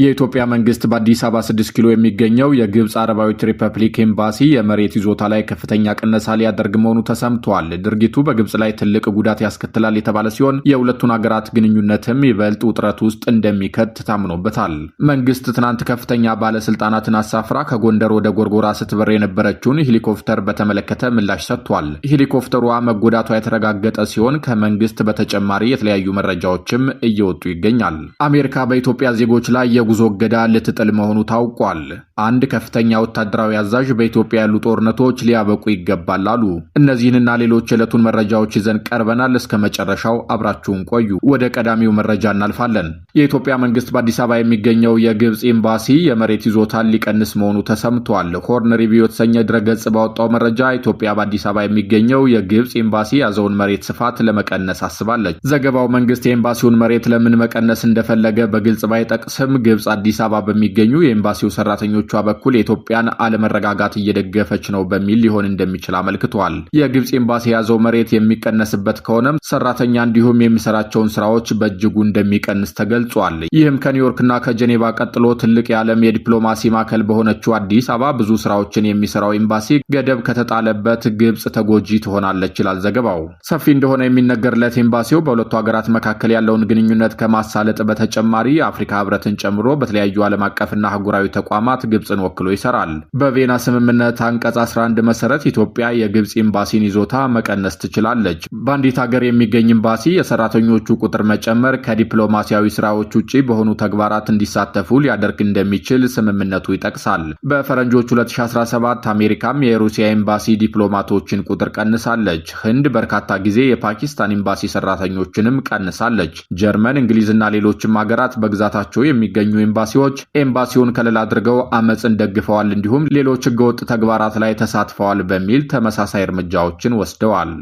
የኢትዮጵያ መንግስት በአዲስ አበባ 6 ኪሎ የሚገኘው የግብፅ አረባዊት ሪፐብሊክ ኤምባሲ የመሬት ይዞታ ላይ ከፍተኛ ቅነሳ ሊያደርግ መሆኑ ተሰምቷል። ድርጊቱ በግብፅ ላይ ትልቅ ጉዳት ያስከትላል የተባለ ሲሆን የሁለቱን ሀገራት ግንኙነትም ይበልጥ ውጥረት ውስጥ እንደሚከት ታምኖበታል። መንግስት ትናንት ከፍተኛ ባለስልጣናትን አሳፍራ ከጎንደር ወደ ጎርጎራ ስትበር የነበረችውን ሄሊኮፕተር በተመለከተ ምላሽ ሰጥቷል። ሄሊኮፕተሯ መጎዳቷ የተረጋገጠ ሲሆን ከመንግስት በተጨማሪ የተለያዩ መረጃዎችም እየወጡ ይገኛል። አሜሪካ በኢትዮጵያ ዜጎች ላይ የጉዞ እገዳ ልትጥል መሆኑ ታውቋል። አንድ ከፍተኛ ወታደራዊ አዛዥ በኢትዮጵያ ያሉ ጦርነቶች ሊያበቁ ይገባል አሉ። እነዚህንና ሌሎች የዕለቱን መረጃዎች ይዘን ቀርበናል። እስከ መጨረሻው አብራችሁን ቆዩ። ወደ ቀዳሚው መረጃ እናልፋለን። የኢትዮጵያ መንግስት በአዲስ አበባ የሚገኘው የግብፅ ኤምባሲ የመሬት ይዞታን ሊቀንስ መሆኑ ተሰምቷል። ሆርን ሪቪው የተሰኘ ድረገጽ ባወጣው መረጃ ኢትዮጵያ በአዲስ አበባ የሚገኘው የግብፅ ኤምባሲ ያዘውን መሬት ስፋት ለመቀነስ አስባለች። ዘገባው መንግስት የኤምባሲውን መሬት ለምን መቀነስ እንደፈለገ በግልጽ ባይጠቅስም ግብፅ አዲስ አበባ በሚገኙ የኤምባሲው ሰራተኞቿ በኩል የኢትዮጵያን አለመረጋጋት እየደገፈች ነው በሚል ሊሆን እንደሚችል አመልክቷል። የግብፅ ኤምባሲ የያዘው መሬት የሚቀነስበት ከሆነም ሰራተኛ እንዲሁም የሚሰራቸውን ስራዎች በእጅጉ እንደሚቀንስ ተገልጿል። ይህም ከኒውዮርክና ከጀኔቫ ቀጥሎ ትልቅ የዓለም የዲፕሎማሲ ማዕከል በሆነችው አዲስ አበባ ብዙ ስራዎችን የሚሰራው ኤምባሲ ገደብ ከተጣለበት ግብፅ ተጎጂ ትሆናለች ይላል ዘገባው። ሰፊ እንደሆነ የሚነገርለት ኤምባሲው በሁለቱ ሀገራት መካከል ያለውን ግንኙነት ከማሳለጥ በተጨማሪ የአፍሪካ ህብረትን ጨምሮ ጨምሮ በተለያዩ ዓለም አቀፍና አህጉራዊ ተቋማት ግብፅን ወክሎ ይሰራል። በቬና ስምምነት አንቀጽ 11 መሰረት ኢትዮጵያ የግብፅ ኤምባሲን ይዞታ መቀነስ ትችላለች። በአንዲት ሀገር የሚገኝ ኤምባሲ የሰራተኞቹ ቁጥር መጨመር ከዲፕሎማሲያዊ ስራዎች ውጭ በሆኑ ተግባራት እንዲሳተፉ ሊያደርግ እንደሚችል ስምምነቱ ይጠቅሳል። በፈረንጆች 2017 አሜሪካም የሩሲያ ኤምባሲ ዲፕሎማቶችን ቁጥር ቀንሳለች። ህንድ በርካታ ጊዜ የፓኪስታን ኤምባሲ ሰራተኞችንም ቀንሳለች። ጀርመን፣ እንግሊዝና ሌሎችም ሀገራት በግዛታቸው የሚገኙ የሚገኙ ኤምባሲዎች ኤምባሲውን ከለላ አድርገው አመፅን ደግፈዋል፣ እንዲሁም ሌሎች ህገወጥ ተግባራት ላይ ተሳትፈዋል በሚል ተመሳሳይ እርምጃዎችን ወስደዋል።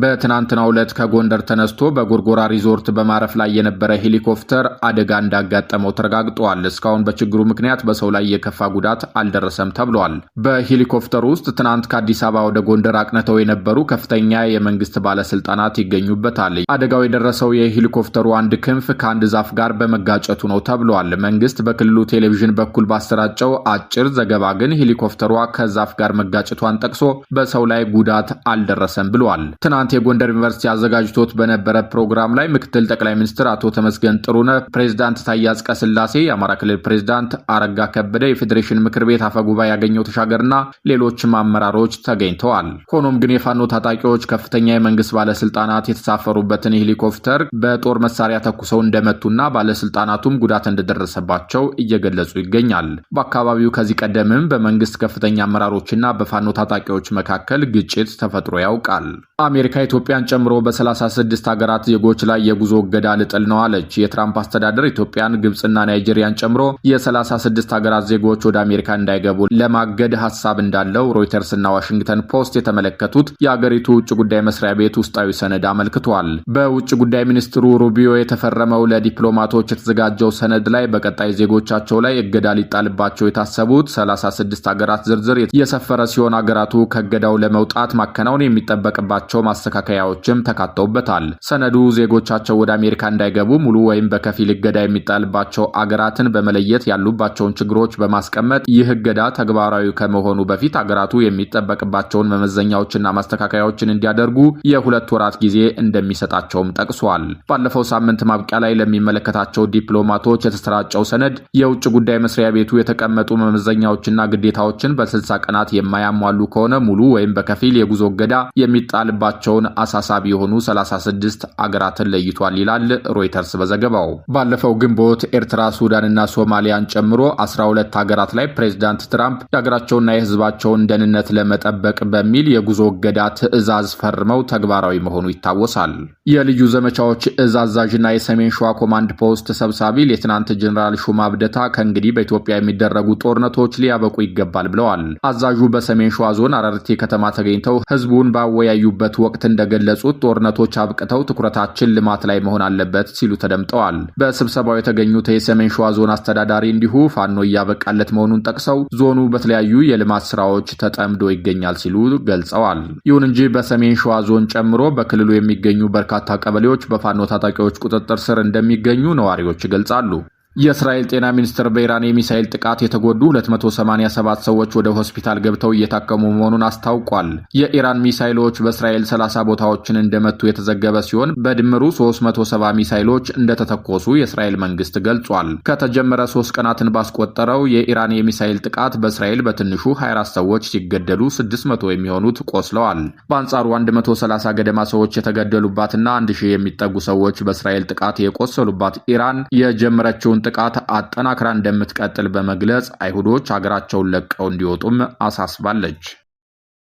በትናንትናው ዕለት ከጎንደር ተነስቶ በጎርጎራ ሪዞርት በማረፍ ላይ የነበረ ሄሊኮፕተር አደጋ እንዳጋጠመው ተረጋግጧል። እስካሁን በችግሩ ምክንያት በሰው ላይ የከፋ ጉዳት አልደረሰም ተብሏል። በሄሊኮፕተሩ ውስጥ ትናንት ከአዲስ አበባ ወደ ጎንደር አቅንተው የነበሩ ከፍተኛ የመንግስት ባለስልጣናት ይገኙበታል። አደጋው የደረሰው የሄሊኮፕተሩ አንድ ክንፍ ከአንድ ዛፍ ጋር በመጋጨቱ ነው ተብሏል። መንግስት በክልሉ ቴሌቪዥን በኩል ባሰራጨው አጭር ዘገባ ግን ሄሊኮፕተሯ ከዛፍ ጋር መጋጨቷን ጠቅሶ በሰው ላይ ጉዳት አልደረሰም ብሏል። ትናንት የጎንደር ዩኒቨርሲቲ አዘጋጅቶት በነበረ ፕሮግራም ላይ ምክትል ጠቅላይ ሚኒስትር አቶ ተመስገን ጥሩነህ፣ ፕሬዚዳንት ታዬ አጽቀሥላሴ፣ የአማራ ክልል ፕሬዚዳንት አረጋ ከበደ፣ የፌዴሬሽን ምክር ቤት አፈጉባኤ ያገኘው ተሻገርና ሌሎችም አመራሮች ተገኝተዋል። ሆኖም ግን የፋኖ ታጣቂዎች ከፍተኛ የመንግስት ባለስልጣናት የተሳፈሩበትን ሄሊኮፕተር በጦር መሳሪያ ተኩሰው እንደመቱና ባለስልጣናቱም ጉዳት እንደደረሰባቸው እየገለጹ ይገኛል። በአካባቢው ከዚህ ቀደምም በመንግስት ከፍተኛ አመራሮችና በፋኖ ታጣቂዎች መካከል ግጭት ተፈጥሮ ያውቃል። አሜሪካ ኢትዮጵያን ጨምሮ በ36 ሀገራት ዜጎች ላይ የጉዞ እገዳ ልጥል ነው አለች። የትራምፕ አስተዳደር ኢትዮጵያን፣ ግብፅና ናይጄሪያን ጨምሮ የ36 ሀገራት ዜጎች ወደ አሜሪካ እንዳይገቡ ለማገድ ሀሳብ እንዳለው ሮይተርስና ዋሽንግተን ፖስት የተመለከቱት የአገሪቱ ውጭ ጉዳይ መስሪያ ቤት ውስጣዊ ሰነድ አመልክቷል። በውጭ ጉዳይ ሚኒስትሩ ሩቢዮ የተፈረመው ለዲፕሎማቶች የተዘጋጀው ሰነድ ላይ በቀጣይ ዜጎቻቸው ላይ እገዳ ሊጣልባቸው የታሰቡት 36 ሀገራት ዝርዝር የሰፈረ ሲሆን ሀገራቱ ከእገዳው ለመውጣት ማከናወን የሚጠበቅባቸው ማስተካከያዎችም ተካተውበታል። ሰነዱ ዜጎቻቸው ወደ አሜሪካ እንዳይገቡ ሙሉ ወይም በከፊል እገዳ የሚጣልባቸው አገራትን በመለየት ያሉባቸውን ችግሮች በማስቀመጥ ይህ እገዳ ተግባራዊ ከመሆኑ በፊት አገራቱ የሚጠበቅባቸውን መመዘኛዎችና ማስተካከያዎችን እንዲያደርጉ የሁለት ወራት ጊዜ እንደሚሰጣቸውም ጠቅሷል። ባለፈው ሳምንት ማብቂያ ላይ ለሚመለከታቸው ዲፕሎማቶች የተሰራጨው ሰነድ የውጭ ጉዳይ መስሪያ ቤቱ የተቀመጡ መመዘኛዎችና ግዴታዎችን በ60 ቀናት የማያሟሉ ከሆነ ሙሉ ወይም በከፊል የጉዞ እገዳ የሚጣልባቸው መሆናቸውን አሳሳቢ የሆኑ 36 አገራትን ለይቷል ይላል ሮይተርስ በዘገባው። ባለፈው ግንቦት ኤርትራ፣ ሱዳንና ሶማሊያን ጨምሮ 12 ሀገራት ላይ ፕሬዚዳንት ትራምፕ የሀገራቸውና የሕዝባቸውን ደህንነት ለመጠበቅ በሚል የጉዞ እገዳ ትዕዛዝ ፈርመው ተግባራዊ መሆኑ ይታወሳል። የልዩ ዘመቻዎች እዝ አዛዥና የሰሜን ሸዋ ኮማንድ ፖስት ሰብሳቢ ሌትናንት ጀኔራል ሹማ ብደታ ከእንግዲህ በኢትዮጵያ የሚደረጉ ጦርነቶች ሊያበቁ ይገባል ብለዋል። አዛዡ በሰሜን ሸዋ ዞን አረርቲ ከተማ ተገኝተው ህዝቡን ባወያዩበት ወቅት ወቅት እንደገለጹት ጦርነቶች አብቅተው ትኩረታችን ልማት ላይ መሆን አለበት ሲሉ ተደምጠዋል። በስብሰባው የተገኙት የሰሜን ሸዋ ዞን አስተዳዳሪ እንዲሁ ፋኖ እያበቃለት መሆኑን ጠቅሰው ዞኑ በተለያዩ የልማት ስራዎች ተጠምዶ ይገኛል ሲሉ ገልጸዋል። ይሁን እንጂ በሰሜን ሸዋ ዞን ጨምሮ በክልሉ የሚገኙ በርካታ ቀበሌዎች በፋኖ ታጣቂዎች ቁጥጥር ስር እንደሚገኙ ነዋሪዎች ይገልጻሉ። የእስራኤል ጤና ሚኒስቴር በኢራን የሚሳኤል ጥቃት የተጎዱ 287 ሰዎች ወደ ሆስፒታል ገብተው እየታከሙ መሆኑን አስታውቋል። የኢራን ሚሳይሎች በእስራኤል 30 ቦታዎችን እንደመቱ የተዘገበ ሲሆን በድምሩ 370 ሚሳይሎች እንደተተኮሱ የእስራኤል መንግስት ገልጿል። ከተጀመረ ሶስት ቀናትን ባስቆጠረው የኢራን የሚሳይል ጥቃት በእስራኤል በትንሹ 24 ሰዎች ሲገደሉ 600 የሚሆኑት ቆስለዋል። በአንጻሩ 130 ገደማ ሰዎች የተገደሉባትና 1000 የሚጠጉ ሰዎች በእስራኤል ጥቃት የቆሰሉባት ኢራን የጀመረችውን ጥቃት አጠናክራ እንደምትቀጥል በመግለጽ አይሁዶች ሀገራቸውን ለቀው እንዲወጡም አሳስባለች።